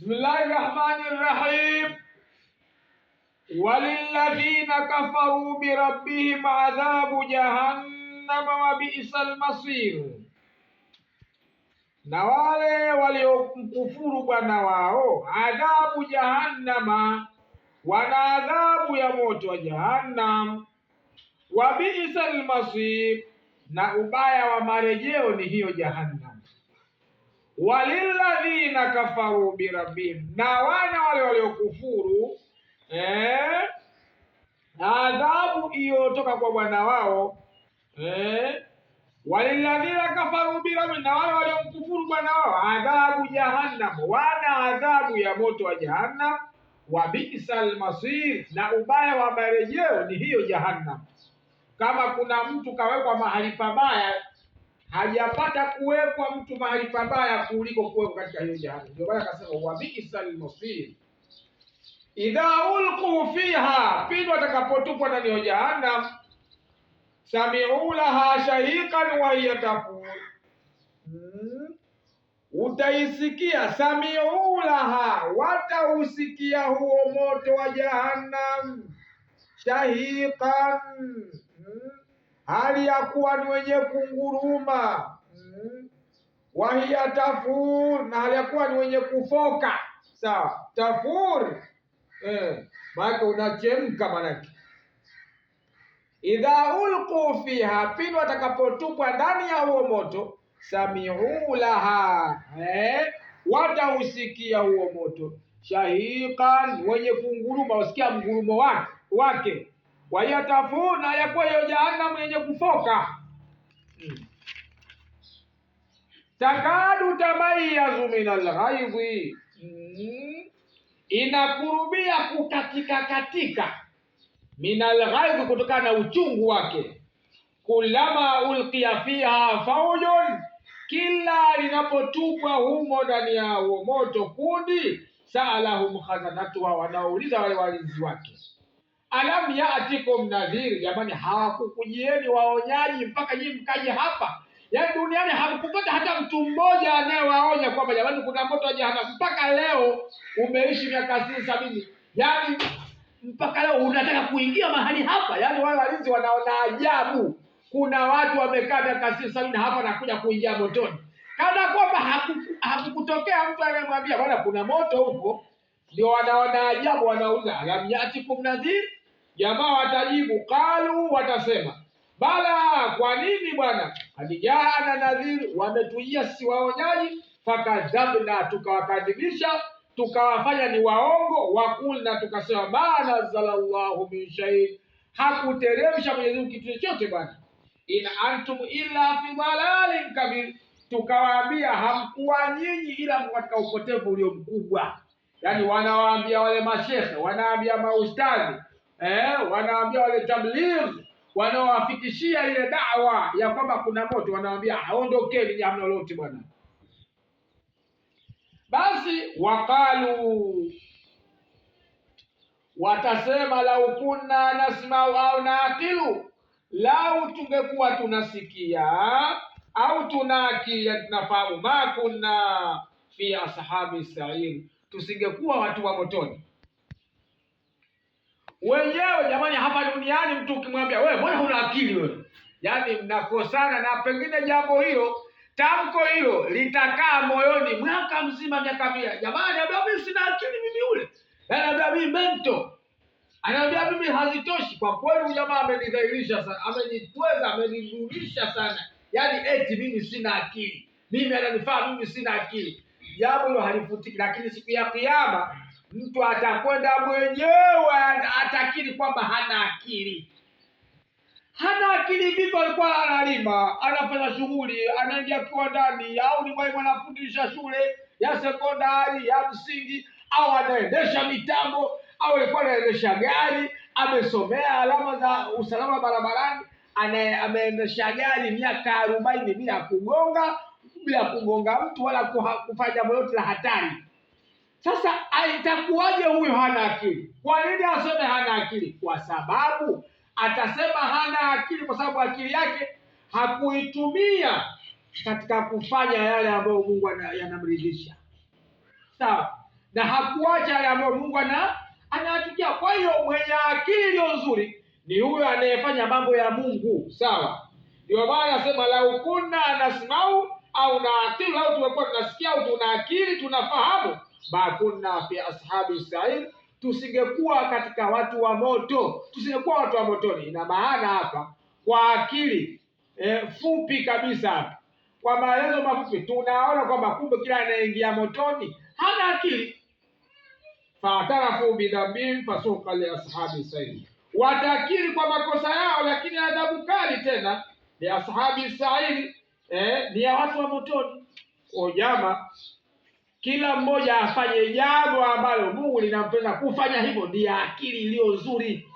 Bismillahi rahmani rahim, walilladhina kafaru birabbihim adhabu jahannama wa bi'sal masir, na wale waliomkufuru bwana wao adhabu jahannama, wana adhabu ya moto wa jahannam. Wa bi'sal masir, na ubaya wa marejeo ni hiyo jahannam walilladhina kafaru birabbihim, na wana wale waliokufuru eh, adhabu iliyotoka kwa bwana wao eh, walilladhina kafaru birabbihim, na wale waliomkufuru bwana wao adhabu jahannam, wana adhabu ya moto wa jahannam. Wa bisa almasir, na ubaya wa marejeo ni hiyo jahannam. Kama kuna mtu kawekwa mahali pabaya hajapata kuwekwa mtu mahali pabaya kuliko kuwekwa katika hiyo jahannam. Ndio maana akasema wabisa lmasir idha ulqu fiha, pindi watakapotupwa ndani ya jahannam, samiu laha shahiqan wa hiya tafur hmm? Utaisikia samiu laha, watausikia huo moto wa jahannam shahiqan hali ya kuwa ni wenye kunguruma hmm? Wahiya tafur, na hali ya kuwa ni wenye kufoka. Sawa, tafur eh, maanake unachemka, maanake idha ulqu fiha, pindi watakapotupwa ndani ya huo moto, samiu laha eh, watausikia huo moto shahiqan, wenye kunguruma, wasikia mgurumo wake wake kwa yakuwa hiyo jahanamu yenye kufoka hmm. Takadu tamayazu min ghaidhi hmm. Inakurubia kukatika katika minal ghaidhi, kutokana na uchungu wake. Kulama ulqiya fiha faujun, kila linapotupwa humo ndani ya moto kundi, saalahum khazanatuha, wanauliza wale walinzi wake alam yatikum nadhiri, jamani, hawakukujieni waonyaji mpaka nyinyi mkaje hapa? Yaani duniani hakukupata hata mtu mmoja anayewaonya kwamba jamani, kuna moto wa jahannam. Mpaka leo umeishi miaka sitini sabini, yaani mpaka leo unataka kuingia mahali hapa? Yaani wale walinzi wanaona ajabu, kuna watu wamekaa miaka sitini sabini hapa na kuja kuingia motoni, kana kwamba hakukutokea mtu anayemwambia bwana, kuna moto huko. Ndio wanaona ajabu, wanauliza alam yatikum nadhiri Jamaa watajibu kalu, watasema bala, kwa nini bwana? Adijaana nadhiri, wametujia si waonyaji. Fakadhabna, tukawakadhibisha tukawafanya ni waongo. Wakulna, tukasema ma nazala llahu min shay, hakuteremsha Mwenyezi Mungu kitu chochote bwana. In antum illa fi dalalin kabir, tukawaambia hamkuwa nyinyi ila katika upotevu ulio mkubwa. Yani wanawaambia wale mashehe, wanaambia maustadhi eh, wanawaambia wale tabligh wanaowafikishia ile dawa ya kwamba kuna moto, wanawambia aondokeni jamna lolote bwana. Basi waqalu, watasema lau kunna nasmau au akilu lau tungekuwa tunasikia au tunaakilia tunafahamu, ma kunna fi ashabi sair, tusingekuwa watu wa motoni wenyewe jamani, hapa duniani mtu ukimwambia wewe, mbona huna akili wewe, yaani mnakosana. Na pengine jambo hilo, tamko hilo litakaa moyoni mwaka mzima, miaka mia. Jamani, anaambia mimi sina akili mimi, yule yaani anaambia mimi mento, anaambia mimi hazitoshi. Kwa kweli huyu jamaa amenidhairisha sana, amenitweza, amenidhulisha sana, yaani eti mimi sina akili, mimi ananifaa mimi sina akili. Jambo hilo halifutiki, lakini siku ya Kiyama mtu atakwenda mwenyewe atakiri kwamba hana akili. Hana akili vipo Alikuwa analima, anafanya shughuli, anaingia kiwandani, au ni mwalimu anafundisha shule ya sekondari ya msingi, au anaendesha mitambo, au alikuwa anaendesha gari, amesomea alama za usalama barabarani, ameendesha gari miaka arobaini bila kugonga bila kugonga mtu wala kufanya yote la hatari. Sasa itakuwaje huyu hana akili? Kwa nini aseme hana akili? Kwa sababu atasema hana akili, kwa sababu akili yake hakuitumia katika kufanya yale ambayo Mungu yanamridhisha, sawa, na hakuacha yale ambayo Mungu anahakikia Kwa hiyo mwenye akili iliyo nzuri ni huyo anayefanya mambo ya Mungu, sawa. Ndio maana anasema lau kunna nasimau au na akili, lau tumekuwa tunasikia au tuna akili tunafahamu ma kunna fi ashabi sair, tusingekuwa katika watu wa moto, tusingekuwa watu wa motoni. Ina maana hapa kwa akili e, fupi kabisa hapa kwa maelezo mafupi tunaona kwamba kumbe kila anayeingia motoni hana akili. faatarafu bidhambihim fasuka ashabi sa'ir, watakiri kwa makosa yao, lakini adhabu kali tena ashabi sairi eh, ni ya watu wa motoni. Ujama kila mmoja afanye jambo ambalo Mungu linampenda kufanya, hivyo ndiyo akili iliyo nzuri.